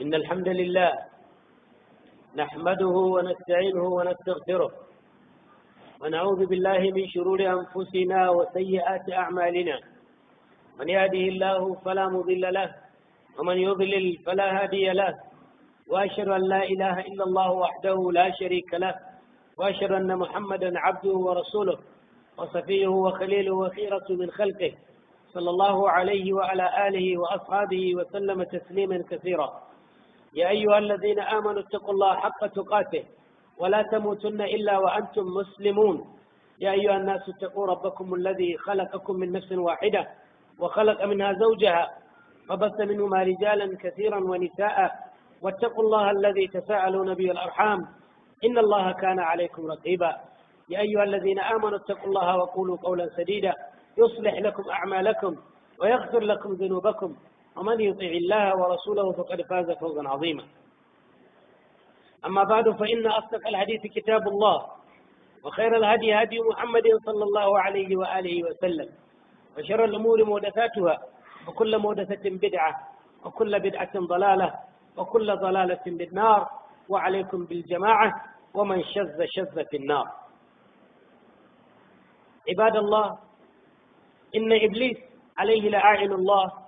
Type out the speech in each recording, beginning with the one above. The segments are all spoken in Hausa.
إن الحمد لله نحمده ونستعينه ونستغفره ونعوذ بالله من شرور أنفسنا وسيئات أعمالنا من يهده الله فلا مضل له ومن يضلل فلا هادي له وأشهد أن لا إله إلا الله وحده لا شريك له وأشهد أن محمدا عبده ورسوله وصفيه وخليله وخيرة من خلقه صلى الله عليه وعلى آله وأصحابه وسلم تسليما كثيرا يا أيها الذين آمنوا اتقوا الله حق تقاته ولا تموتن إلا وأنتم مسلمون يا أيها الناس اتقوا ربكم الذي خلقكم من نفس واحدة وخلق منها زوجها فبث منهما رجالا كثيرا ونساء واتقوا الله الذي تساءلون به الأرحام إن الله كان عليكم رقيبا يا أيها الذين آمنوا اتقوا الله وقولوا قولا سديدا يصلح لكم أعمالكم ويغفر لكم ذنوبكم ومن يطيع الله ورسوله فقد فاز فوزا عظيما أما بعد فإن أصدق الحديث كتاب الله وخير الهدي هدي محمد صلى الله عليه وآله وسلم وشر الأمور مودثاتها وكل مودثة بدعة وكل بدعة ضلالة وكل ضلالة بالنار وعليكم بالجماعة ومن شذ شذ في النار عباد الله إن إبليس عليه لعائل الله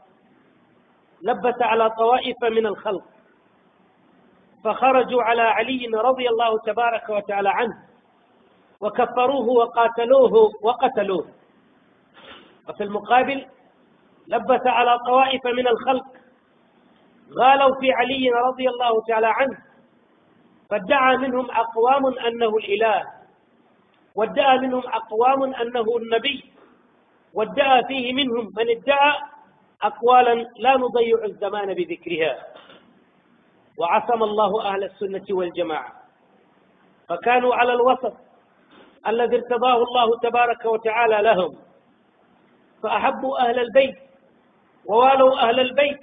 لبس على طوائف من الخلق فخرجوا على علي رضي الله تبارك وتعالى عنه وكفروه وقاتلوه وقتلوه وفي المقابل لبس على طوائف من الخلق غالوا في علي رضي الله تعالى عنه فادعى منهم أقوام أنه الإله وادعى منهم أقوام أنه النبي وادعى فيه منهم من ادعى أقوالا لا نضيع الزمان بذكرها وعصم الله أهل السنة والجماعة فكانوا على الوسط الذي ارتضاه الله تبارك وتعالى لهم فأحبوا أهل البيت ووالوا أهل البيت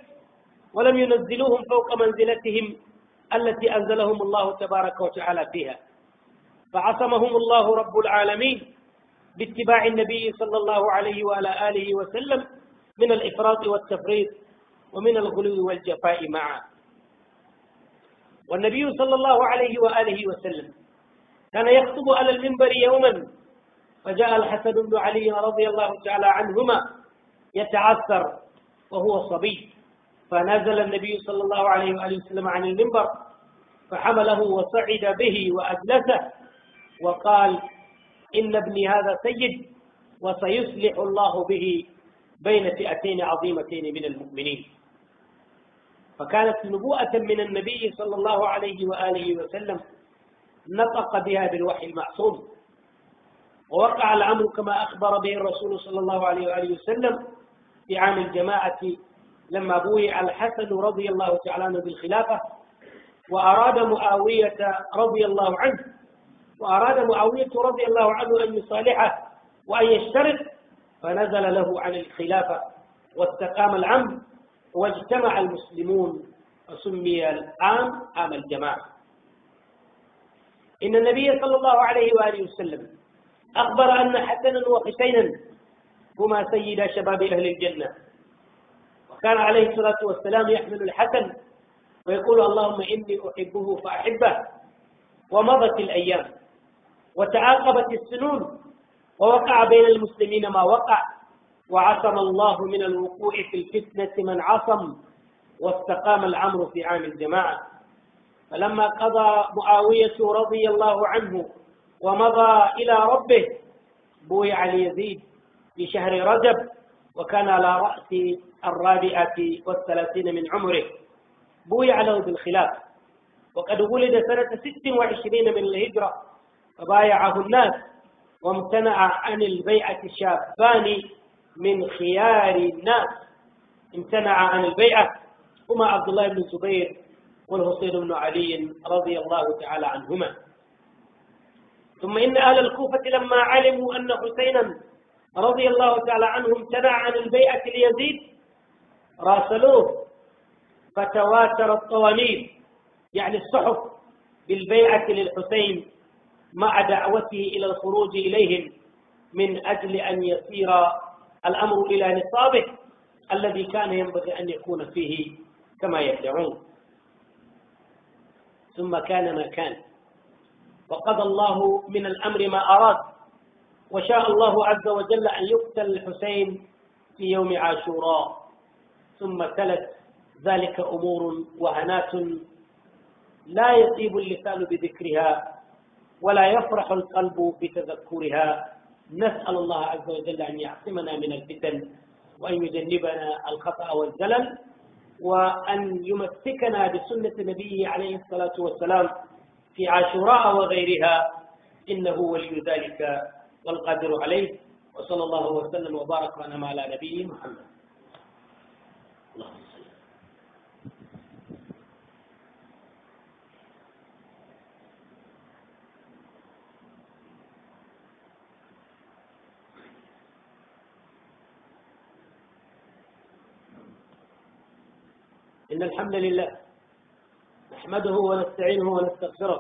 ولم ينزلوهم فوق منزلتهم التي أنزلهم الله تبارك وتعالى فيها فعصمهم الله رب العالمين باتباع النبي صلى الله عليه وعلى آله وسلم من الإفراط والتفريط ومن الغلو والجفاء معا والنبي صلى الله عليه وآله وسلم كان يخطب على المنبر يوما فجاء الحسن بن علي رضي الله تعالى عنهما يتعثر وهو صبي فنزل النبي صلى الله عليه وآله وسلم عن المنبر فحمله وصعد به وأجلسه وقال إن ابني هذا سيد وسيصلح الله به بين فئتين عظيمتين من المؤمنين فكانت نبوءة من النبي صلى الله عليه وآله وسلم نطق بها بالوحي المعصوم ووقع الأمر كما أخبر به الرسول صلى الله عليه وآله وسلم في عام الجماعة لما بويع الحسن رضي الله تعالى عنه بالخلافة وأراد معاوية رضي الله عنه وأراد معاوية رضي الله عنه أن يصالحه وأن يشترط فنزل له عن الخلافة واستقام العم واجتمع المسلمون فسمي العام عام الجماعة إن النبي صلى الله عليه وآله وسلم أخبر أن حسنا وحسينا هما سيدا شباب أهل الجنة وكان عليه الصلاة والسلام يحمل الحسن ويقول اللهم إني أحبه فأحبه ومضت الأيام وتعاقبت السنون ووقع بين المسلمين ما وقع وعصم الله من الوقوع في الفتنة من عصم واستقام الأمر في عام الجماعة فلما قضى معاوية رضي الله عنه ومضى إلى ربه بويع اليزيد في شهر رجب وكان على رأس الرابعة والثلاثين من عمره بويع له بالخلاف وقد ولد سنة ست وعشرين من الهجرة فبايعه الناس وامتنع عن البيعة شابان من خيار الناس امتنع عن البيعة هما عبد الله بن الزبير والحسين بن علي رضي الله تعالى عنهما ثم إن أهل الكوفة لما علموا أن حسينا رضي الله تعالى عنه امتنع عن البيعة ليزيد راسلوه فتواتر الطوانيل يعني الصحف بالبيعة للحسين مع دعوته إلى الخروج إليهم من أجل أن يسير الأمر إلى نصابه الذي كان ينبغي أن يكون فيه كما يدعون ثم كان ما كان وقضى الله من الأمر ما أراد وشاء الله عز وجل أن يقتل الحسين في يوم عاشوراء ثم تلت ذلك أمور وهنات لا يطيب اللسان بذكرها ولا يفرح القلب بتذكرها نسأل الله عز وجل أن يعصمنا من الفتن وأن يجنبنا الخطأ والزلل وأن يمسكنا بسنة نبيه عليه الصلاة والسلام في عاشوراء وغيرها إنه ولي ذلك والقادر عليه وصلى الله وسلم وبارك على نبيه محمد اللهم إن الحمد لله نحمده ونستعينه ونستغفره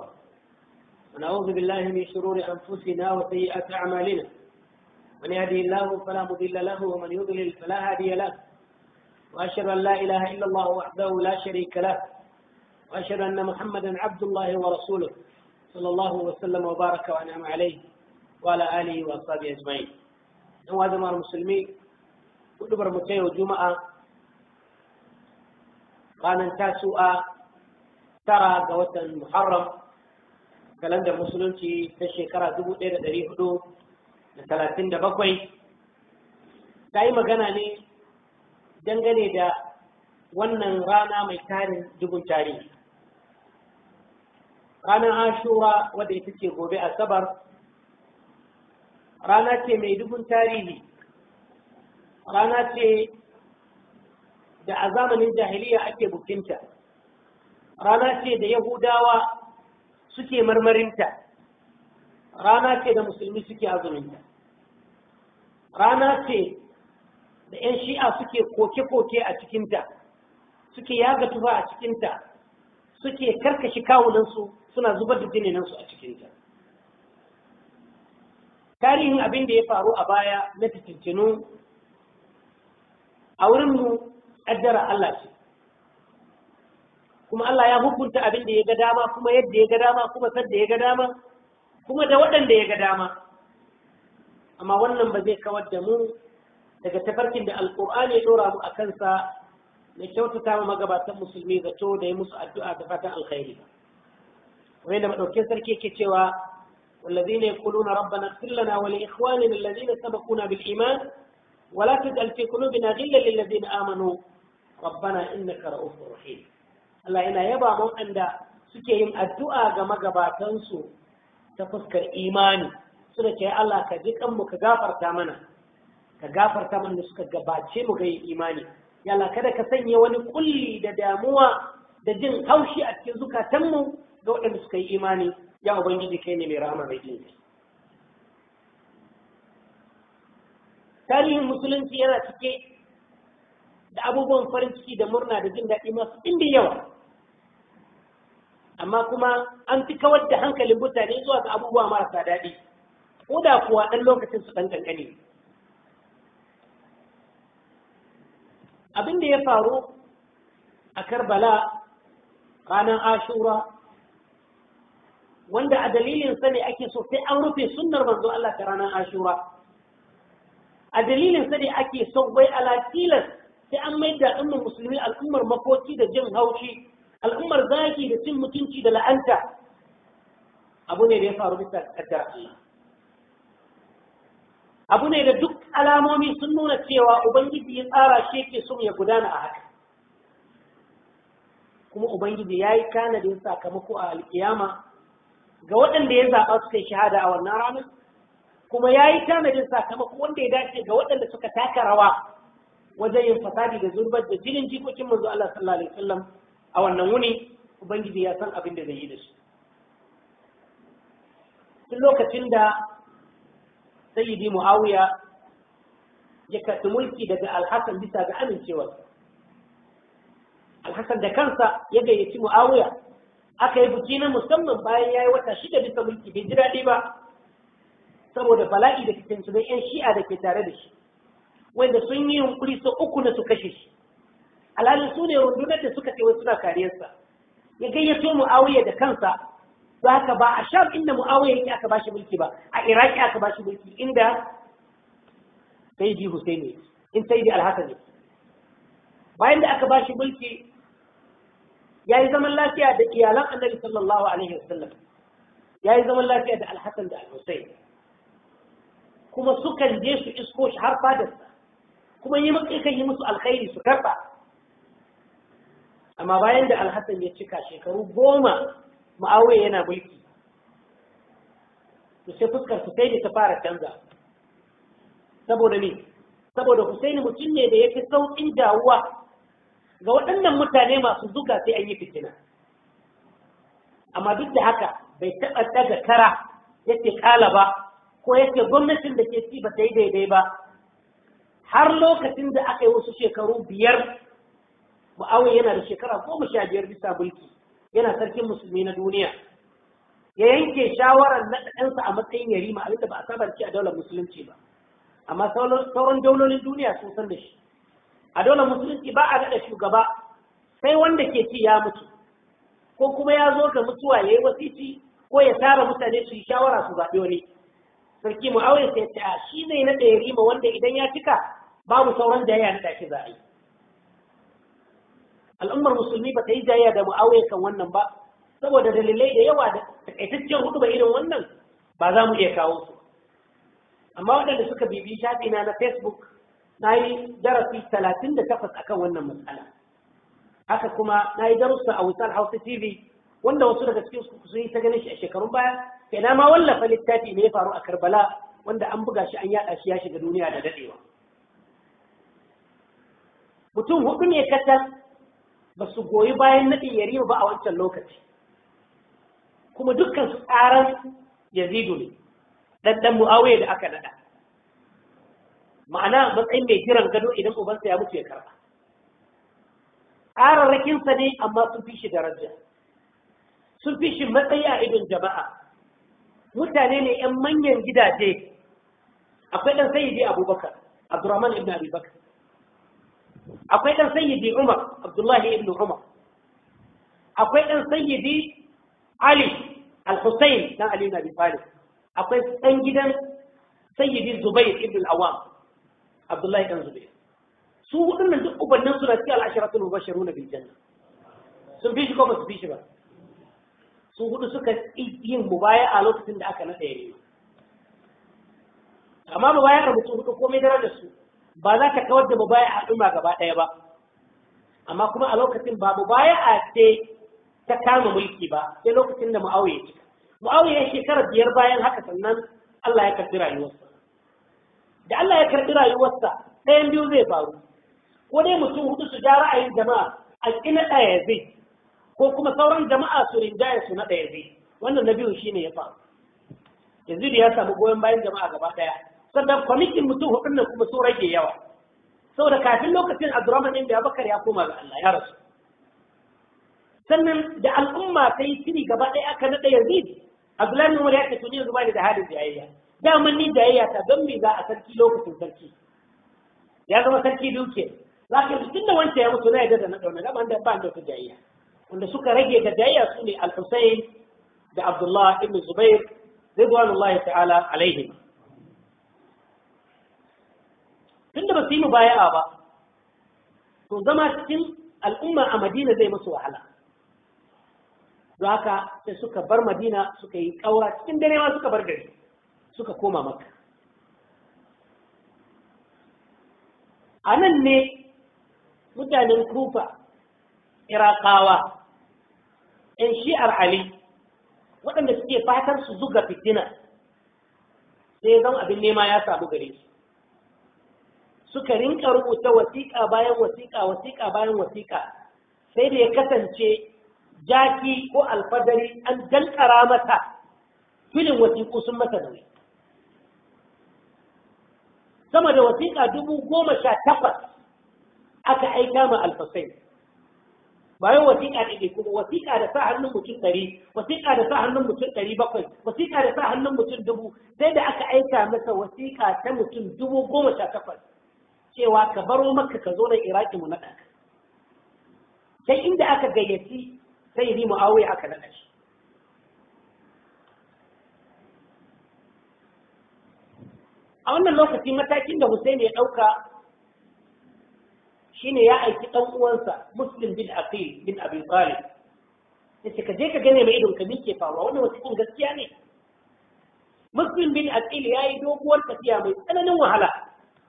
ونعوذ بالله من شرور أنفسنا وسيئات أعمالنا من يهدي الله فلا مضل له ومن يضلل فلا هادي له وأشهد أن لا إله إلا الله وحده لا شريك له وأشهد أن محمدا عبد الله ورسوله صلى الله وسلم وبارك وأنعم عليه وعلى آله وأصحابه أجمعين. مع المسلمين كل برمتين وجمعة ranar a tara ga watan muharram kalandar musulunci ta shekara 1437 ta yi magana ne dangane da wannan rana mai tarin dubun tarihi ranar ashura wadda ita ce gobe asabar rana ce mai dubun tarihi rana ce da a zamanin jahiliya ake bukinta rana ce da yahudawa suke marmarinta rana ce da musulmi suke azuminta rana ce da 'yan shi'a suke koke-koke a cikinta suke yaga tufa a cikinta suke karkashi kawunansu suna zubar da jininansu a cikinta tarihin abin da ya faru a baya na fitintinu a wurinmu kaddara Allah ce kuma Allah ya hukunta abin da ya ga dama kuma yadda ya ga dama kuma sanda ya ga dama kuma da waɗanda ya ga dama amma wannan ba zai kawar da mu daga tafarkin da alkur'ani ya dora mu a kansa na kyautata ma magabatan musulmi zato da ya musu addu'a da fatan alkhairi wai da madaukin sarki yake cewa والذين يقولون ربنا اغفر لنا ولإخواننا الذين سبقونا بالإيمان ولا تجعل في قلوبنا غلا للذين آمنوا rabbana ka ra'ufur rahim Allah yana yaba mun anda suke yin addu'a ga magabatansu ta fuskar imani suna ce Allah ka ji kanmu ka gafarta mana ka gafarta mana suka gabace mu ga imani ya Allah kada ka sanya wani kulli da damuwa da jin haushi a cikin zukatanmu ga waɗanda suka yi imani ya ubangiji kai ne mai rahama mai jin tarihin musulunci yana cike da abubuwan farin ciki da murna da jin daɗi masu inda yawa amma kuma an fi kawar da hankalin mutane zuwa ga abubuwa marasa daɗi ko da kuwa ɗan lokacin su ɗan ƙanƙani abin da ya faru a karbala ranar ashura wanda a dalilin sa ne ake so sai an rufe sunnar manzo Allah ta ranar ashura a dalilin sa ne ake so wai ala tilas sai an mai da al'ummar musulmi al'ummar makoki da jin haushi al'ummar zaki da cin mutunci da la'anta abu ne da ya faru bisa kaddar Allah abu ne da duk alamomi sun nuna cewa ubangiji ya tsara shi yake son ya gudana a haka kuma ubangiji ya yi tanadin sakamako a alkiyama ga waɗanda ya zaɓa su kai shahada a wannan ranar kuma ya yi tanadin sakamako wanda ya dace ga waɗanda suka taka rawa wajen yin fasadi da zurbar da jinin jikokin manzo Allah sallallahu alaihi wasallam a wannan wuni ubangiji ya san abin da zai yi da su tun lokacin da sayyidi muawiya ya karɓi mulki daga alhassan bisa ga amincewa. alhassan da kansa ya gayyaci muawiya aka yi buki na musamman bayan ya yi wata shida bisa mulki bai ji daɗi ba saboda bala'i da ke don 'yan shi'a da ke tare da shi wanda sun yi yunkuri sau uku na su kashe shi alhalin su ne rundunar da suka tewa suna kariyarsa ya gayyato mu'awiya da kansa Ba haka ba a sham inda mu'awiya yake aka bashi mulki ba a iraki aka bashi mulki inda sai ji hussein ne in sai ji alhassan ne bayan da aka bashi mulki ya yi zaman lafiya da iyalan annabi sallallahu alaihi wasallam ya yi zaman lafiya da alhassan da alhussein kuma sukan je su isko shi har fadarsa kuma yi maka yi musu alkhairi su karba amma bayan da alhassan ya cika shekaru goma ma'aure yana mulki to sai fuskar Husaini ta fara canza saboda ne saboda Husaini mutum ne da fi sauƙin dawowa ga waɗannan mutane masu zuga sai an yi fitina amma duk da haka bai taɓa daga kara yake kala ba ko yake gwamnatin da ke ci ba ta yi daidai ba har lokacin da aka yi wasu shekaru biyar mu'awai yana da shekara goma sha biyar bisa mulki yana sarkin musulmi na duniya ya yanke shawarar naɗaɗansa a matsayin yarima ma abinda ba a saba a daular musulunci ba amma sauran daulolin duniya sun san da shi a daular musulunci ba a naɗa shugaba sai wanda ke ci ya mutu ko kuma ya zo ga mutuwa ya yi wasici ko ya tara mutane su yi shawara su zaɓi wani sarki mu'awai sai ta shi zai naɗa yarima wanda idan ya cika babu sauran jayayya na tashi za a yi al'ummar musulmi ba ta yi jayayya da mu'awiya kan wannan ba saboda dalilai da yawa da takaitaccen hudu ba irin wannan ba za mu iya kawo su amma waɗanda suka bibi shafi na na facebook na yi darasi talatin da takwas akan wannan matsala haka kuma na yi darussa a wutar hausa tv wanda wasu daga cikin su yi ta ganin shi a shekarun baya sai na ma wallafa littafi ne ya faru a karbala wanda an buga shi an yaɗa shi ya shiga duniya da daɗewa mutum hudu ne katal ba su goyi bayan naɗin yarima ba a wancan lokaci kuma dukkan su tsaran yazidu ne ɗanɗan mu'awiyar da aka naɗa ma'ana matsayin mai jiran gado idan ubansa ya mutu ya karɓa ƙararrakinsa ne amma sun fi shi daraja sun fi shi matsayi a idon jama'a mutane ne 'yan manyan gidaje akwai ɗan sayidi abubakar abdurrahman ibn abubakar akwai ɗan sayyidi Umar Abdullahi ibn Umar akwai ɗan sayyidi Ali al-Husayn na Ali na Abi Talib akwai ɗan gidan sayyidi Zubair ibn al-Awwam Abdullahi ɗan Zubair su waɗannan duk ubannin suna cikin al'asharatul mubashiruna bil janna sun fi shi ko ba su fi shi ba su hudu suka yin mubaya a lokacin da aka naɗa yare amma mubaya mutu hudu komai da su ba za ta kawar da a al'umma gaba ɗaya ba amma kuma a lokacin ba a ce ta kama mulki ba sai lokacin da mu'awiya cika mu'awiya shekara biyar bayan haka sannan Allah ya karɓi rayuwarsa da Allah ya karɓi rayuwarsa ɗayan biyu zai faru ko dai mutum hudu su ja ra'ayin jama'a a ƙina ɗaya zai ko kuma sauran jama'a su rinjaya su na ɗaya zai wannan na biyu shine ya faru yanzu da ya samu goyon bayan jama'a gaba ɗaya sannan kwamitin mutum hudun nan kuma sun rage yawa saboda kafin lokacin Abdurrahman da Bakar ya koma ga Allah ya rasu sannan da al'umma sai shiri gaba ɗaya aka naɗa Yazid Abdullahi bin Umar ya ce tuni ni yanzu ni da halin jayayya daman ni jayayya ta don me za a sarki lokacin sarki ya zama sarki duke za ka yi tunda wancan ya mutu na yadda da na ɗauna da ban da ban da jayayya wanda suka rage da jayayya su ne Al-Husayn da Abdullahi, ibn Zubair ridwanullahi ta'ala alaihim tunda ba su yi mubaya'a ba to zama cikin al'umma a madina zai masu wahala don haka sai suka bar madina suka yi kaura cikin dare ma suka bar gari suka koma maka a nan ne mutanen kufa irakawa 'yan shi'ar ali waɗanda suke fatar su zuga fitina sai zan abin nema ya saɓi gare su suka rinka rubuta wasiƙa bayan wasiƙa wasiƙa bayan wasiƙa sai da ya kasance jaki ko alfadari an dankara mata filin wasiƙu sun masa nauyi sama da wasiƙa dubu goma sha takwas aka aika ma alfasai bayan wasiƙa da ke kuma wasiƙa da sa hannun mutum ɗari wasiƙa da sa hannun mutum ɗari bakwai wasiƙa da sa hannun mutum dubu sai da aka aika masa wasiƙa ta mutum dubu goma sha takwas cewa ka baro maka ka zo da iraki mu naɗa sai inda aka gayyaci sai yi mu'awiya aka naɗa shi a wannan lokaci matakin da Hussein ya ɗauka shine ya aiki ɗan uwansa Muslim bin Aqil bin Abi Talib yace ka je ka gane mai idon ka ke faruwa wannan wasiƙin gaskiya ne Muslim bin Aqil ya yi doguwar tafiya mai tsananin wahala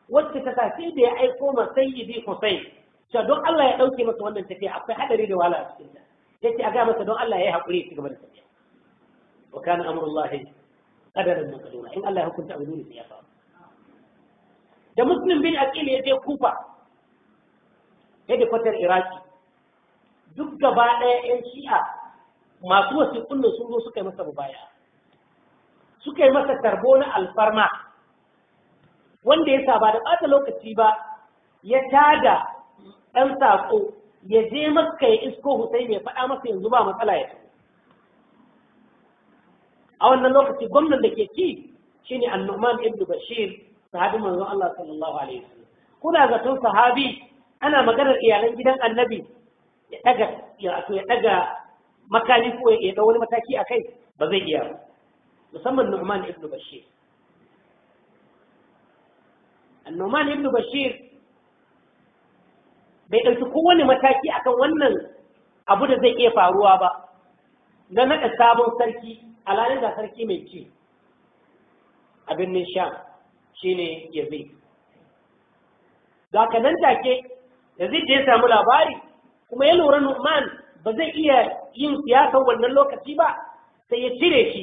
wacce ta sai da ya aiko ma sayyidi Hussein cewa don Allah ya dauke masa wannan tafiya akwai hadari da wahala a cikin ta yace a ga masa don Allah ya yi hakuri ya ci gaba da tafiya wa kana amrullahi qadaran maqdura in Allah ya hukunta abu dole sai ya faru da muslim bin aqil ya je kufa yadda je kwatar iraki duk gaba ɗaya 'yan shi'a masu wasiƙun sun zo suka yi masa mubaya suka yi masa tarbo na alfarma wanda ya sa ba da ɓata lokaci ba ya tada ɗan saƙo ya je maka ya isko Hussein ya faɗa masa yanzu ba matsala ya a wannan lokaci gwamnan da ke ci shi shine annuman ibn bashir sahabi manzo Allah sallallahu alaihi wasallam kuna zaton sahabi ana maganar iyalan gidan annabi ya daga ya ya makani ko ya ɗau wani mataki a kai ba zai iya ba. musamman Nu'man ibn Bashir annoman ibn bashir bai ɗauki kowane mataki akan wannan abu da zai iya faruwa ba na naɗa sabon sarki alhalin da sarki mai ci a birnin sham shine yazid zaka nan take yazid da ya samu labari kuma ya lura nu'man ba zai iya yin siyasar wannan lokaci ba sai ya cire shi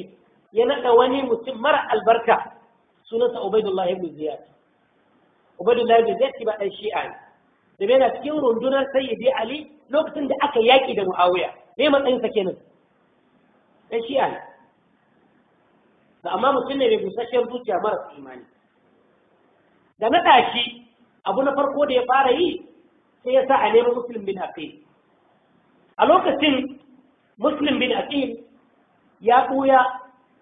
ya naɗa wani mutum mara albarka sunansa ubaidullah ibn ziyad Ubadullahi bin Zaid ba dan Shi'a ne da yana cikin rundunar Sayyidi Ali lokacin da aka yaƙi da Muawiya me matsayin sa kenan dan Shi'a ne da amma mutum ne mai busasshen zuciya mara imani da na tashi abu na farko da ya fara yi sai ya sa a nemi Muslim bin Aqil a lokacin Muslim bin Aqil ya ɓuya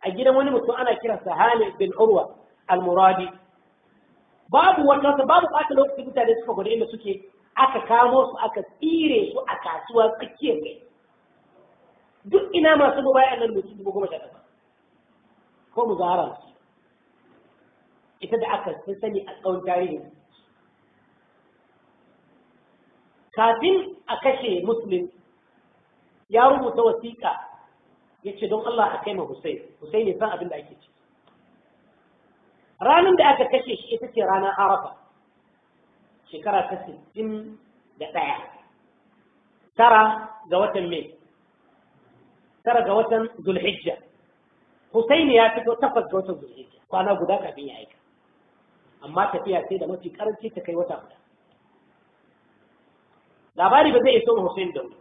a gidan wani mutum ana kiransa Halid bin Urwa al-Muradi babu wata babu ɓata lokacin mutane suka gwada inda suke aka kamo su aka tsire su a kasuwa tsakiyar gari duk ina masu ya nan mutum dubu goma sha ɗaya ko mu zara su ita da aka sun sani a tsawon tarihi kafin a kashe musulun ya rubuta wasiƙa ya ce don Allah a kai ma Hussein Hussein ne san abin da ake ci ranar da aka kashe shi ita ce ranar arafa shekara ta sittin da ɗaya tara ga watan mai tara ga watan zulhijja husaini ya fito takwas ga watan zulhijja kwana guda kafin ya aika amma tafiya sai da mafi karanci ta kai wata guda labari ba zai iso Hussein da wuri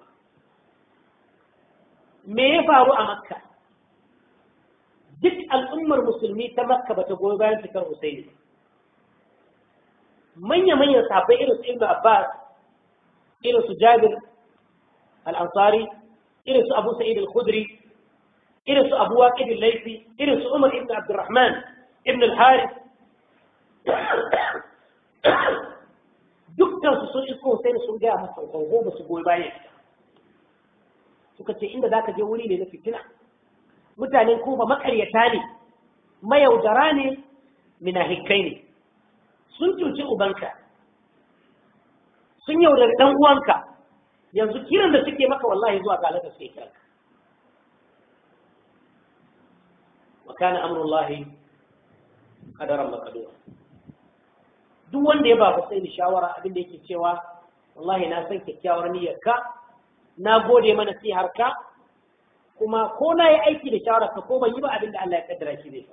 me ya faru a makka duk al'ummar musulmi ta makka ba ta goyi bayan cikar Hussaini manya-manyan sahabbai irin su ibn abbas irin su jabir al-ansari irin su abu sa'id al-khudri irin su abu waqid al-laythi irin su umar ibn abdurrahman ibn al-harith dukkan su sun isko Hussaini sun gaya masa ko ba su goyi bayan suka ce inda za ka je wuri ne na fitina mutanen kuma makaryata ne mayaudara ne minahikai ne sun cuci ubanka sun yaudari dan uwanka yanzu kiran da suke maka wallahi zuwa ga da sai kiran wa kana amrullahi qadaran duk wanda ya ba sai ni shawara abin da yake cewa wallahi na san kyakkyawar niyyarka na gode mana sai harka kuma ko na yi aiki da shawarar ka ko ban yi ba abin da Allah ya kaddara shi zai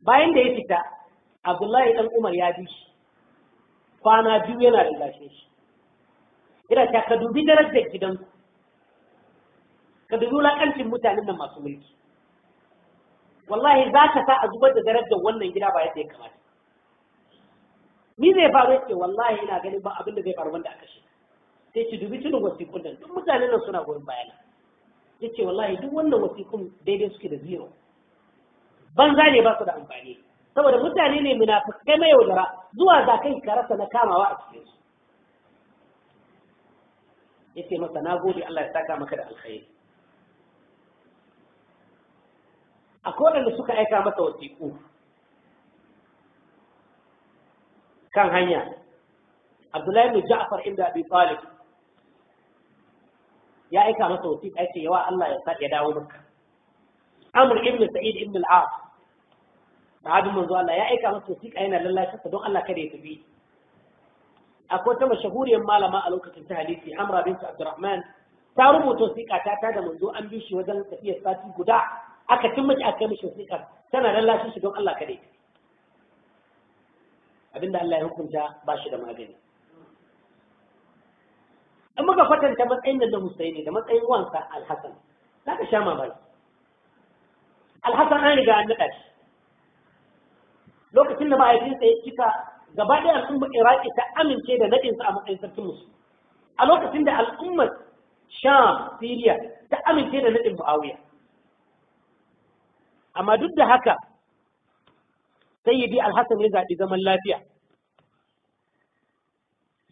bayan da ya fita Abdullahi dan Umar ya bi shi kwana biyu yana da lashe shi ina ta ka dubi darajar ku, ka dubi lakancin mutanen nan masu mulki wallahi za ka sa a zubar da darajar wannan gida ba yadda ya kamata ni zai faru yake wallahi ina ganin ba abin da zai faru wanda aka shi sai ce dubi tunan wasikun nan duk mutanen nan suna goyon bayana ya ce wallahi duk wannan wasikun daidai suke da zero banza ne ba su da amfani saboda mutane ne munafikai mai yaudara zuwa za kai ka rasa na kamawa a cikin su ya masa na gode Allah ya saka maka da alkhairi akwai waɗanda suka aika masa wasiku kan hanya Abdullahi bin Ja'far inda Abi Talib ya aika masa wasiƙa yace yawa Allah ya ya dawo maka Amur, ibn Sa'id ibn al-As sahabin manzo Allah ya aika masa wasiƙa yana lallashi don Allah kada ya tafi akwai wata mashahuriyar malama a lokacin ta hadisi Amra bint Abdurrahman ta rubuta wasiƙa ta ta da manzo an bi shi wajen tafiyar sati guda aka cin miki aka mishi wasiƙa tana lallashi shi don Allah kada ya tafi abinda Allah ya hukunta ba shi da magani in muka kwatanta matsayin da Husaini da matsayin wansa Alhassan za ka sha mamaki Alhassan an riga an naɗa shi lokacin da mahaifinsa ya cika gaba ɗaya al'ummar Iraki ta amince da naɗinsa a matsayin sarkin musulmi a lokacin da al'ummar Sham Siriya, ta amince da naɗin Muawiya amma duk da haka sayyidi Alhassan ya zaɓi zaman lafiya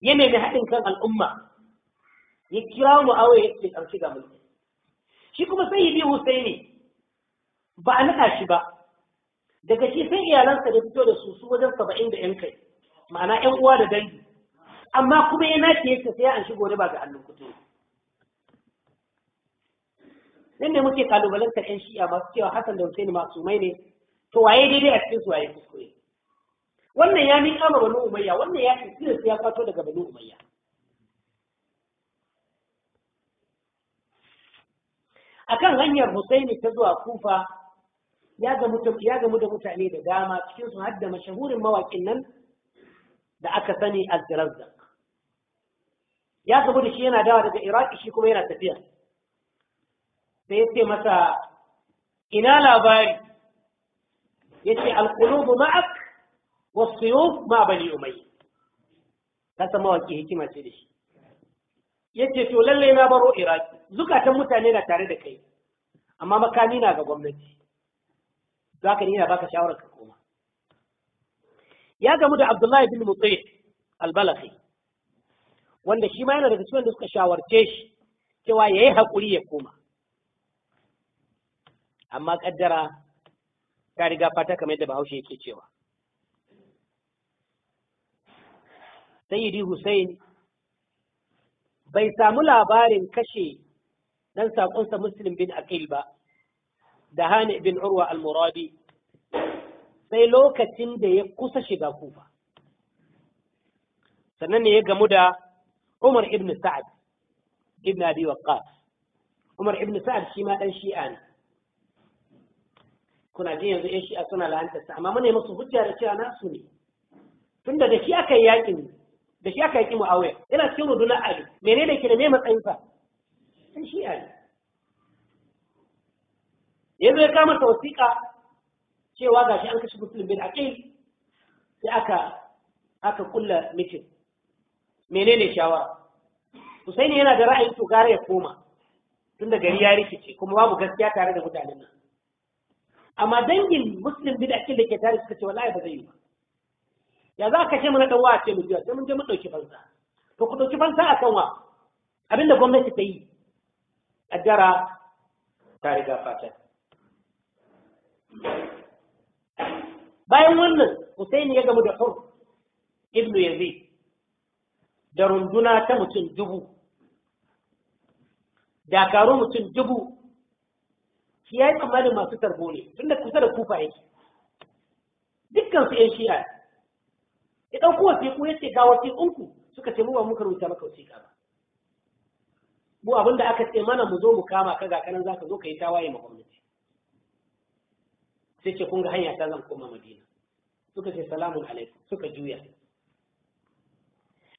ya nemi haɗin kan al'umma ya kira awa ya ce ɗauki ga mulki shi kuma sai yi ne ba a naɗa shi ba daga shi sai iyalansa da fito da su su wajen saba'in da 'yankai, kai ma'ana yan uwa da dangi amma kuma ya nace yake sai an shigo da ba ga hannun kuto nan ne muke kalubalanta yan shi'a masu cewa hasan da husaini mai ne to waye daidai a cikin su waye kuskure wannan ya mika ma banu umayya wannan ya tsira sai ya kwato daga banu umayya akan hanyar Husaini ta zuwa Kufa ya gamu ya gamu da mutane da dama cikin su da mashahurin mawakin nan da aka sani az razzaq ya gamu da shi yana dawa daga Iraq shi kuma yana tafiya sai yace masa ina labari yace al-qulubu ma'ak was-suyuf ma bani umayya kasa mawaki hikima ce da shi yace to lallai na baro iraki zukatan mutane na tare da kai amma makami na ga gwamnati za ka na baka shawarar ka koma ya gamu da abdullahi bin al albalaki wanda shi ma yana da cikin da suka shawarce shi cewa yayi hakuri ya koma amma kaddara ta riga fata kamar yadda bahaushe yake cewa sayyidi Hussaini. bai samu labarin kashe dan saƙonsa muslim bin aqil ba da hani bin urwa al-muradi sai lokacin da ya kusa shiga kufa sannan ne ya gamu da umar ibn sa'ad ibn abi waqqas umar ibn sa'ad shi ma dan shi'a ne kuna jin yanzu ya shi'a suna la'antarsa amma mune musu hujja da cewa nasu ne tunda da shi aka yi yakin da shi aka yi kima awaya yana cikin rundunar ali Mene da ke da mai matsayin sa sai shi ali yanzu ya kama ta wasiƙa cewa gashi an kashe musulun bin aqil sai aka aka kulla mitin ne shawa? Husaini yana da ra'ayin to gara ya koma tun da gari ya rikice kuma babu gaskiya tare da mutanen nan amma dangin bin bid'a da ke tare suka ce wallahi ba zai yi ba ya za ka ce mana dan wace mu jiya sai mun je mun dauki fansa to ku dauki fansa a wa abinda gwamnati ta yi addara ta riga fata. bayan wannan Husaini ya gamu da Hur ibnu yazi da runduna ta mutum dubu dakaru mutum dubu shi ya yi tsammanin masu tarbo ne tun da kusa da kufa yake dukkan su ‘yan shi'a ya ɗauko wasiƙu ya ce ga wasiƙunku suka ce mu ba muka rubuta maka wasiƙa ba mu abinda aka ce mana mu zo mu kama ka ga kanan zaka zo ka yi tawaye ma gwamnati sai ce kun ga hanya ta zan koma madina suka ce salamun alaikum suka juya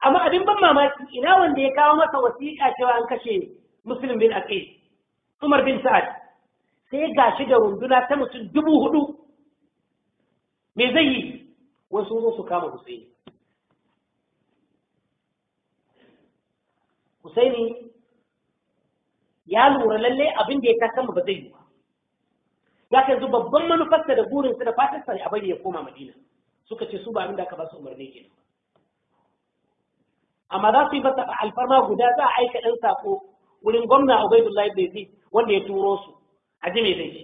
amma abin ban mamaki ina wanda ya kawo masa wasiƙa cewa an kashe muslim bin aqil umar bin sa'ad sai ga shi da runduna ta mutum dubu hudu me zai yi wasu zo su kama Husaini Husaini ya lura lalle abin da ya kasama ba zai yi ba ya ka yanzu babban manufarsa da burinsa da fatarsa ne a bari ya koma Madina suka ce su ba abin da aka ba su umarni kenan amma za su yi masa alfarma guda za a aika ɗan sako wurin gwamna Ubaidullahi bin Yazid wanda ya turo su a ji zai ce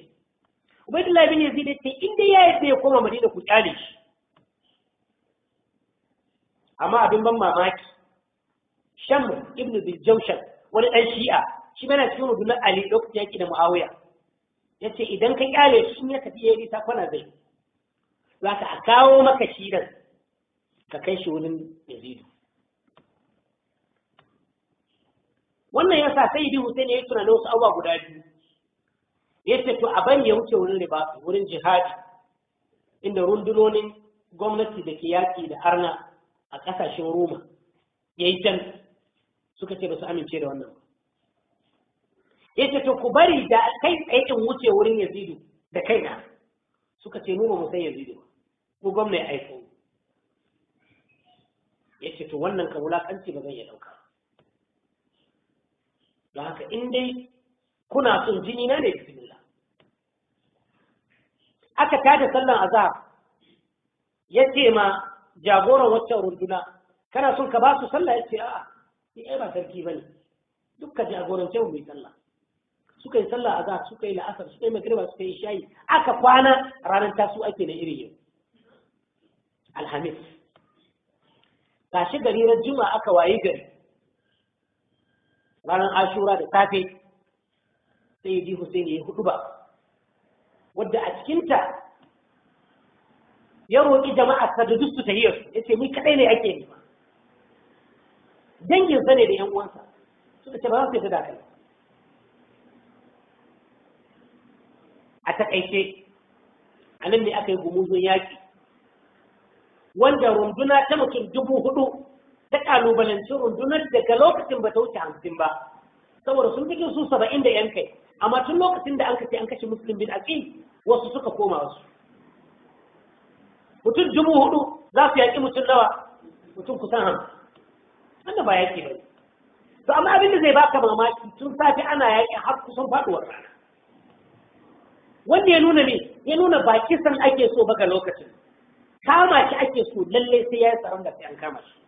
Ubaidullahi bin Yazid ya ce in dai ya yarda ya koma Madina ku kyale shi amma abin ban mamaki sham ibnu biljaushan wani dan shi'a shi bana cikin rubutun ali lokacin yaki da muawiya yace idan ka kyale shi in ya tafi yayi ta kwana zai zaka a kawo maka shirin ka kai shi wurin yazidu wannan yasa sai bi Hussein ya yi tunanin wasu abubuwa guda biyu yace to a bari ya wuce wurin riba wurin jihadi inda rundunonin gwamnati da ke yaki da arna a kasashen Roma ya yi can suka ce ba su amince da wannan ba. Ya ce, to ku bari da kai aikin wuce wurin Yazidu da kaina suka ce Nuna ba mu san Yazidu ba, gwamna ya aiko. Ya ce, to wannan ka wulaƙanci ba zan iya ɗauka. Do haka in dai kuna son jini na ne bismillah. Aka tada sallan azab, ya ce ma jagoran waccan runduna kana son ka ba su sallah yace a'a ni ai ba sarki bane dukkan jagorance mu mai sallah suka yi sallah azhar suka yi la'asar suka yi magriba suka yi shayi aka kwana ranar tasu ake na iri yau alhamis tashi gari ran juma aka wayi gari ranar ashura da safe sai ji Hussein ya hudu ba wadda a cikinta ya roƙi jama'a ta da duk su hiyar ya ce mun kadai ne ake nema dangin sa ne da yan uwansa suka ce ba za su yi da kai a takaice a nan ne aka yi gumuzun yaƙi wanda runduna ta mutum dubu hudu ta kalubalanci rundunar daga lokacin ba ta wuce hamsin ba saboda sun fi su saba'in da yan kai amma tun lokacin da an kace an kashe musulun bin aƙi wasu suka koma wasu mutum dubu hudu za su yaƙi mutum nawa mutum kusan hamsin wanda ba yaƙi ba to amma abin da zai baka mamaki tun safi ana yaƙi har kusan faɗuwar rana wanda ya nuna ne ya nuna ba kisan ake so baka lokacin kama shi ake so lalle sai ya yi tsaron da sai an kama shi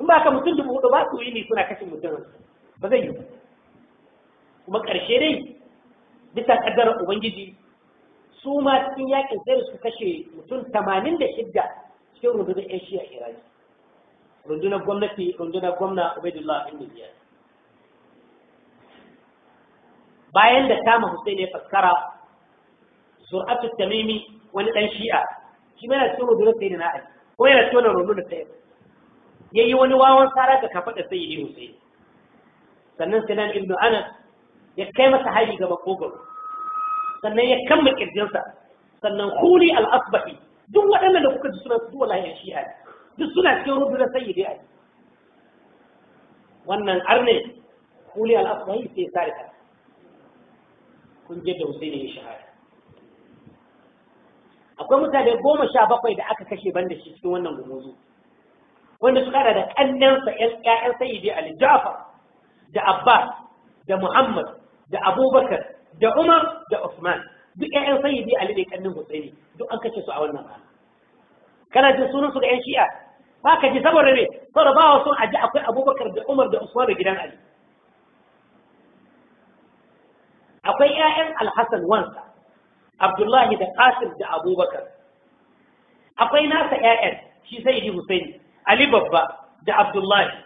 in ba ka mutum dubu hudu ba su yi ne suna kashe mutum ba zai yi kuma ƙarshe dai bisa ƙaddarar ubangiji su ma cikin yakin sai su kashe mutum tamanin da shidda cikin rundunar yan shi'a irani rundunar gwamnati rundunar gwamna ubaidullah bin biyar bayan da kama hussein ya faskara sur'atu tamimi wani dan shi'a shi mai na cikin rundunar sai na ali ko yana cikin rundunar sai ya yi wani wawan tsara ga kafaɗa sai yi hussein sannan sai sinan ibnu anas ya kai masa hari ga makogaro sannan ya kama kirjinsa sannan huli al-asbahi duk waɗanda da kuka ji suna su wallahi yan shi'a duk suna cikin rubu na sayyidi yi. wannan arne huli al-asbahi sai sarika kun je da Hussein ya shahara. akwai mutane goma sha bakwai da aka kashe ban da shi cikin wannan gumuzu wanda su kara da kannansa ƴaƴan sayyidi ali ja'far da abbas da muhammad da abubakar da Umar da Usman duk ƴaƴan sayyidi Ali ne kannin Husaini duk an kace su a wannan rana kana jin sunan su da ƴan Shi'a ba ka ji saboda me saboda ba wa sun aji akwai Abubakar da Umar da Usman da gidan Ali akwai ƴaƴan Al-Hasan wansa Abdullahi da Qasim da Abubakar akwai nasa ƴaƴan shi sayyidi Husaini Ali babba da Abdullahi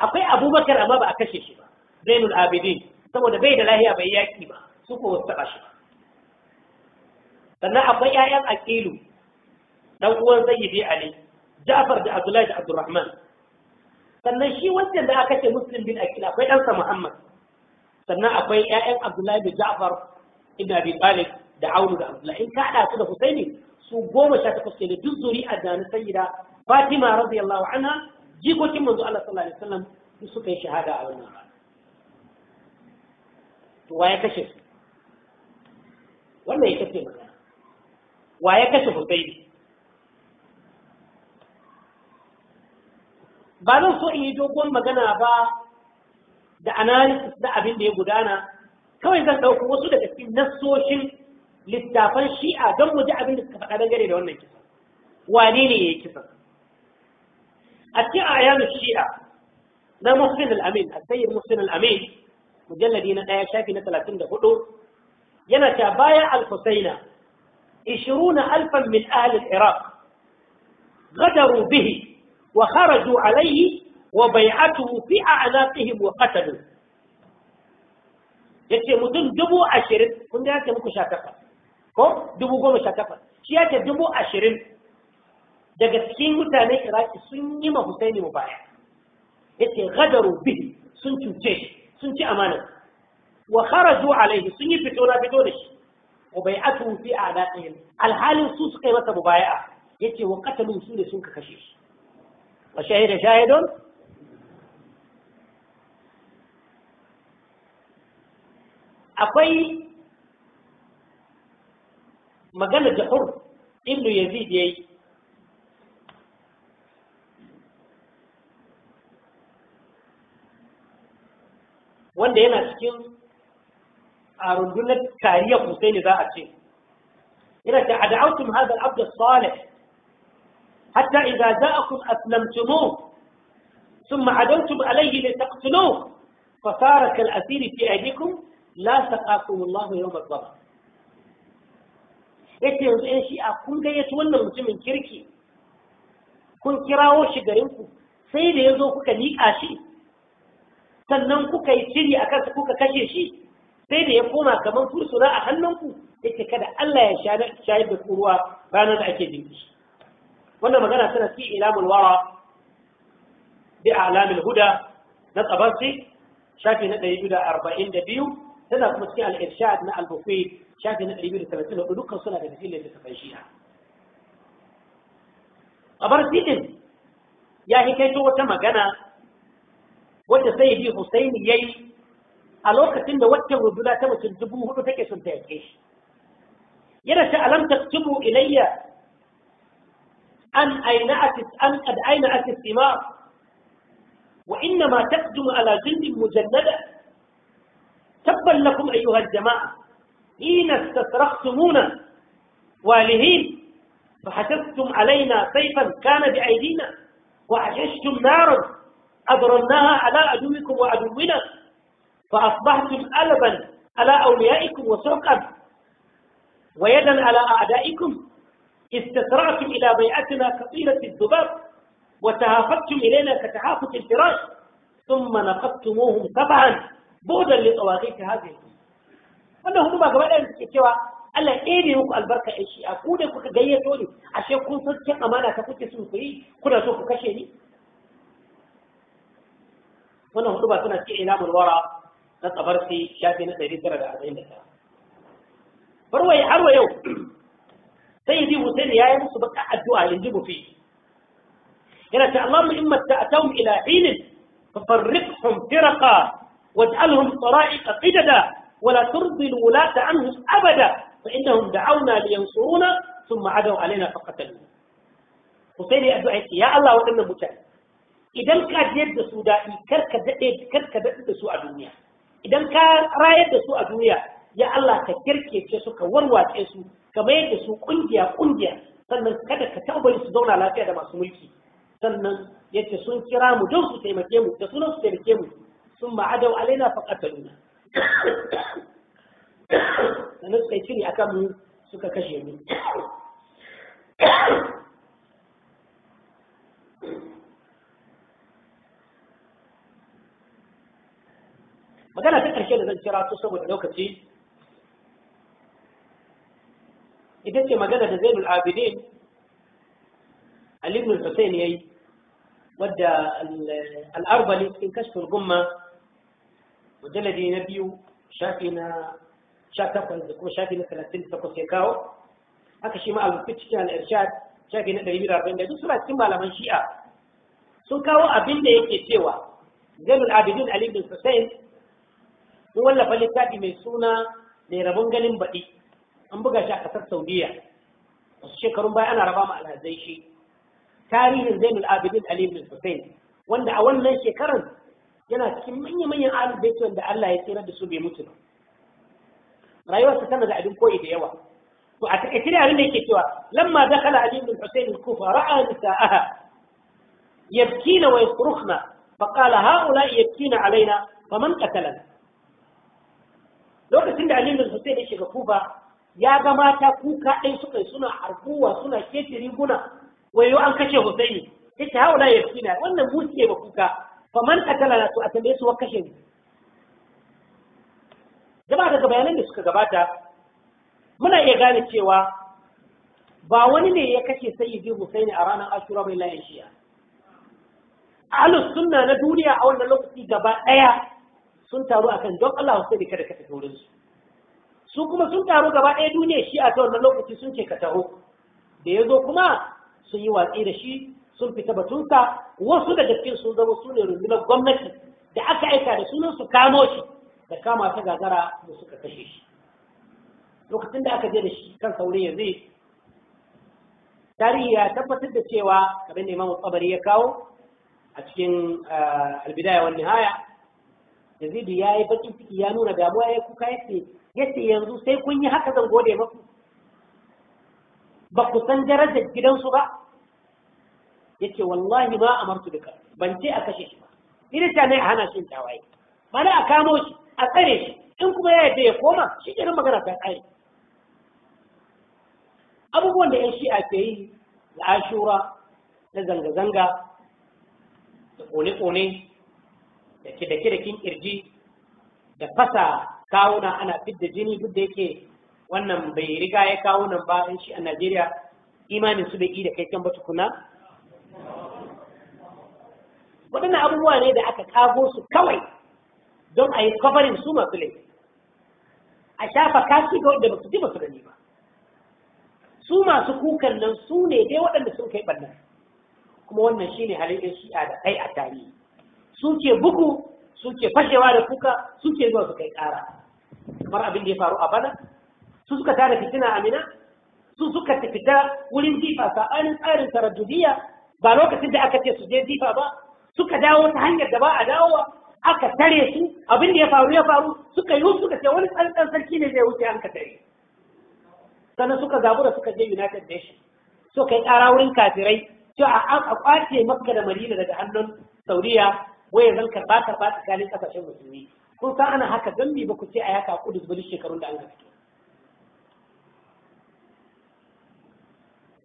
akwai Abubakar amma ba a kashe shi ba Zainul Abidin saboda bai da lahiya bai yaki ba su ko wasu shi sannan akwai ƴaƴan aqilu dan uwan sayyidi ali ja'far da abdullahi da abdurrahman sannan shi wancan da aka ce muslim bin aqil akwai ɗansa muhammad sannan akwai ƴaƴan abdullahi da ja'far ibn abi talib da aulu da abdullahi in ka hada su da husaini su goma sha takwas ne duk zuri'a da na sayyida fatima radiyallahu anha jikokin manzo Allah sallallahu alaihi wasallam duk suka yi shahada a wannan rana to waye kashe wannan ita ce magana wa ya kashe Husaini ba zan so in yi dogon magana ba da analysis na abin da ya gudana kawai zan ɗauko wasu daga cikin nassoshin littafan shi'a don mu ji abin da suka faɗa dangane da wannan kisa wane ne ya yi kisa a cikin ayanu shi'a na muslim al-amin a sayyid muslim al-amin mujalladi na ɗaya shafi na talatin da hudu yana ta baya al-Husaina ishiruna 20000 min ahli al-Iraq غدروا به وخرجوا عليه وبيعته في أعناقهم وقتلوا yace mutum dubu ashirin kun da yake muku sha ko dubu goma sha takwas shi yake dubu ashirin daga cikin mutanen iraki sun yi ma husaini mu baya yace gadaru bihi sun cuce shi sun ci amanar. wa kharaju alaihi sun yi fito na fito da shi wa bai'atu fi a'daqihim alhalin su suka yi masa mubaya'a yace wa qatalu su ne sun ka kashe shi wa shahida shahidun akwai magana da hur ibnu yazid yayi wanda yana cikin a rundunar kariyar Husaini za a ce ina ta ad'autum hadha al-abd as-salih hatta idza ja'akum aslamtumuhu ثم عدوتم عليه لتقتلوه فصار كالأسير في أيديكم لا سقاكم الله يوم الظهر yace yanzu shi a kun gayyaci wannan mutumin kirki kun kirawo shi garin ku. sai da ya kuka liƙa shi sannan kuka yi shiri a kansa kuka kashe shi sai da ya koma kamar fursuna a hannunku yake kada Allah ya shayar da kuruwa ranar da ake jinki wannan magana tana fi ilamul wara bi alamil huda na tsabansi shafi na ɗari da da arba'in biyu. tana kuma cikin al-irshad na al-bukhari shafi na 234 dukkan suna da dalilin da suka shi tsabansi din ya hikaito wata magana wadda sai bi Husaini yayi الوقتين ده وقت الرجولة تبو تنتبو هدو تكي سنتاكيش يرى شألم تكتبوا إلي أن أين أتس أن قد أين أتس إماء وإنما تقدم على جلد مجندة تبا لكم أيها الجماعة حين استصرختمونا والهين فحسبتم علينا سيفا كان بأيدينا وعششتم نارا أبرناها على عدوكم وعدونا فأصبحتم ألبا على أوليائكم وسرقا ويدا على أعدائكم استسرعتم إلى بيئتنا كطيلة الذباب وتهافتم إلينا كتهافت الفراش ثم نقضتموهم تبعا بعدا لطواغيت هذه الأمة هم ما قبل أن تكتوا ألا إيدي هو البركة إيشي أقول لك جاية توني عشان يكون صدق أمانة كفوت سوقي كنا سوق كشيني وأنا هم ما كنا تي إعلام الورق na tsabarsi shafi na ɗari tara da arba'in da tara barwaye har wa yau sai yi hussein ya yi musu baka addu'a in ji mufi yana ta Allahumma in matta'atahum ila hilin fafarriqhum firaqa waj'alhum tara'iqa qidada ولا ترضي الولاة عنهم أبدا فإنهم دعونا لينصرونا ثم عدوا علينا فقتلونا وسيدي أدعي يا الله وإن متعب إذا كاد يد سودائي كرك دئد كرك دئد سوء الدنيا idan ka rayar da su a duniya ya Allah ka kirkece su ka warwace su ka mayar da su kungiya kungiya sannan kada ka tabbari su zauna lafiya da masu mulki sannan yace sun kira mu don su taimake mu da sunan su taimake mu sun ma'adau alaina faqataluna sannan suka yi shiri akan mu suka kashe mu magana ta ƙarshe da zan kira su saboda lokaci ita ce magana da zainul abidin alimin hussein ya yi wadda al'arbali cikin kashfin gumma mujalladi na biyu shafi na sha takwas da kuma shafi na talatin da takwas ya kawo haka shi ma alfi cikin al'irshad shafi na ɗari biyu da arba'in da suna cikin malaman shi'a sun kawo abin da yake cewa zainul abidin ali bin hussein mun wallafa littafi mai suna mai rabon ganin baɗi an buga shi a ƙasar saudiya wasu shekarun baya ana raba ma alhazai shi tarihin zainul abidin ali bin hussein wanda a wannan shekarar yana cikin manya-manyan ahlul bait wanda Allah ya tsira da su bai mutu ba rayuwarsa tana da abin koyi da yawa to a takaice ne abin da yake cewa lamma dakala ali bin husayn al-kufa ra'a nisa'aha yabkina wa yasrukhna fa qala haula yabkina alaina faman qatalana lokacin da alimin hussein ya shiga kufa ya ga mata kuka ɗin suka yi suna arkuwa suna keke riguna wayo an kashe husaini ya ce haula ya fina wannan mu ba kuka fa man katala na to a tambaye su kashe jama'a daga bayanan da suka gabata muna iya gane cewa ba wani ne ya kashe sayyidi husaini a ranar ashura bai layan shiya sunna na duniya a wannan lokaci gaba ɗaya sun taru akan don Allah Hussein kada ka tafi wurin su su kuma sun taru gaba ɗaya duniya shi a ta wannan lokaci sun ce ka taho da ya zo kuma sun yi watsi da shi sun fita batunsa wasu da cikin sun zama su ne rundunar gwamnati da aka aika da sunan su kamo shi da kama ta gagara da suka kashe shi lokacin da aka je da shi kan saurin ya zai tarihi ya tabbatar da cewa kamar da imam tsabari ya kawo a cikin eh, albidaya wani haya Yazidu ya yi bakin ciki ya nuna damuwa ya kuka ya yace yace yanzu sai kun yi haka zan gode maku ba ku san darajar gidansu ba yace wallahi ma a martu duka ban ce a kashe shi ba ta ne a hana shi tawaye mana a kamo shi a tsare shi in kuma ya yadda ya koma shi irin magana ta tsare. abubuwan da 'yan shi'a ke yi da ashura da zanga-zanga da ƙone-ƙone. da kidakirakin kirji da fasa kawuna ana fidda jini duk da yake wannan bai riga ya kawunan ba in shi a Najeriya imanin su bai yi da kai kan ba waɗannan abubuwa ne da aka kago su kawai don a yi kwafarin su masu a shafa kashi ga wanda ba ji ba su gani ba su masu kukan nan su ne dai waɗanda sun kai ɓannan kuma wannan shi ne halin shi'a da kai a tarihi suke buku suke fashewa da kuka suke zuwa su kai ƙara kamar abin da ya faru a bana su suka tada fitina amina su suka fita wurin jifa sa'anin tsarin sarajudiyya ba lokacin da aka ce su je jifa ba suka dawo ta hanyar da ba a dawowa aka tare su abin da ya faru ya faru suka yi suka ce wani tsantsar sarki ne zai wuce an ka tare sannan suka da suka je united nations so kai ƙara wurin kafirai cewa a kwace makka da madina daga hannun sauriya wai zan karba karba tsakanin kasashen musulmi kun san ana haka dan me ba ku ce a yaka kudus bari shekarun da an ga fito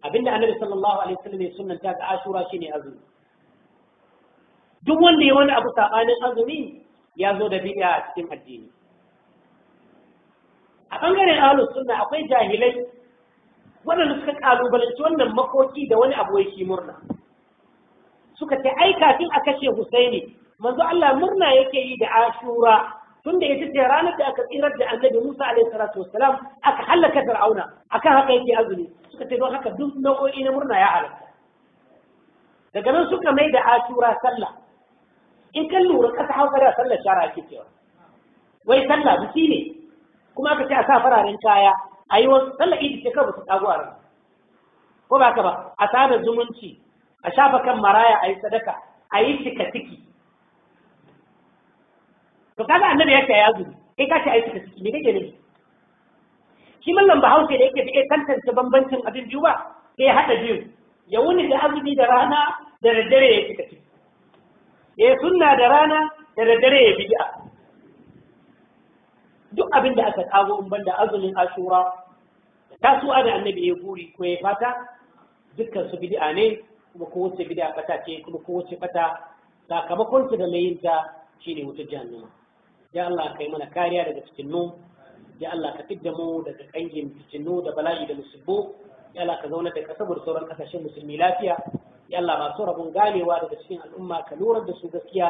abinda annabi sallallahu alaihi wasallam ya sunanta ga ashura shine azumi duk wanda ya wani abu sabanin azumi ya zo da bid'a a cikin addini a bangaren ahlus sunna akwai jahilai waɗanda suka kalubalanci wannan makoki da wani abu ya shi murna suka ce ai kafin a kashe Husaini manzo Allah murna yake yi da Ashura tun da ita ce ranar da aka tsirar da Annabi Musa alaihi salatu wassalam aka halaka Fir'auna akan haka yake azumi suka ce don haka duk nau'o'i na murna ya halatta daga nan suka mai da Ashura sallah in kan lura kasa hausa da sallar shara ake cewa wai sallah biki ne kuma aka ce a sa fararen kaya a yi wasu sallar idi ce kawai su tsago a ran ko ba ka ba a sada zumunci a shafa kan maraya a yi sadaka a yi cika ciki to kaga annabi ya ce ya kai ka ce ai suka ciki ne kake nufi shi mallam bahaushe da yake bai tantance bambancin abin biyu ba sai haɗa biyu ya wuni da azumi da rana da daddare ya cika ciki ya sunna da rana da daddare ya bid'a duk abin da aka kago in banda azumin ashura su da annabi ya buri ko ya fata dukkan su bid'a ne kuma kowace bid'a fata ce kuma kowace fata, sakamakon su da layinta shine wutar jahannama ya Allah kai mana kariya daga fitinu ya Allah ka fidda mu daga kangin fitinu da bala'i da musubbu ya Allah ka zauna da kasabar sauran kasashen musulmi lafiya ya Allah masu rabon ganewa daga cikin al'umma ka lura da su gaskiya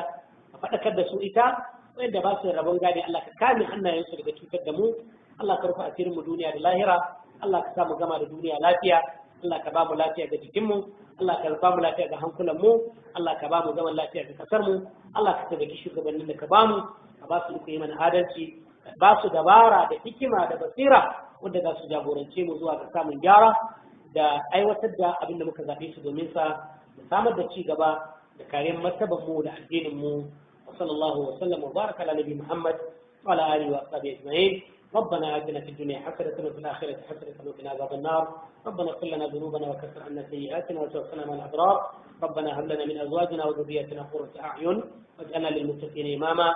ka faɗakar da su ita wanda ba su rabon gane Allah ka kame hannayensu daga cutar da mu Allah ka rufe asirin mu duniya da lahira Allah ka sa mu gama da duniya lafiya Allah ka ba mu lafiya ga jikinmu Allah ka ba mu lafiya ga hankulan mu Allah ka ba mu zaman lafiya ga kasar mu Allah ka tabbaki shugabannin da ka ba mu ربنا اتنا في الدنيا حسنه وفي الاخره حسنه وقنا عذاب النار ربنا اغفر لنا ذنوبنا وكفر عنا سيئاتنا وتوفنا مع الابرار ربنا هب لنا من ازواجنا وذرياتنا قره اعين واجعلنا للمتقين اماما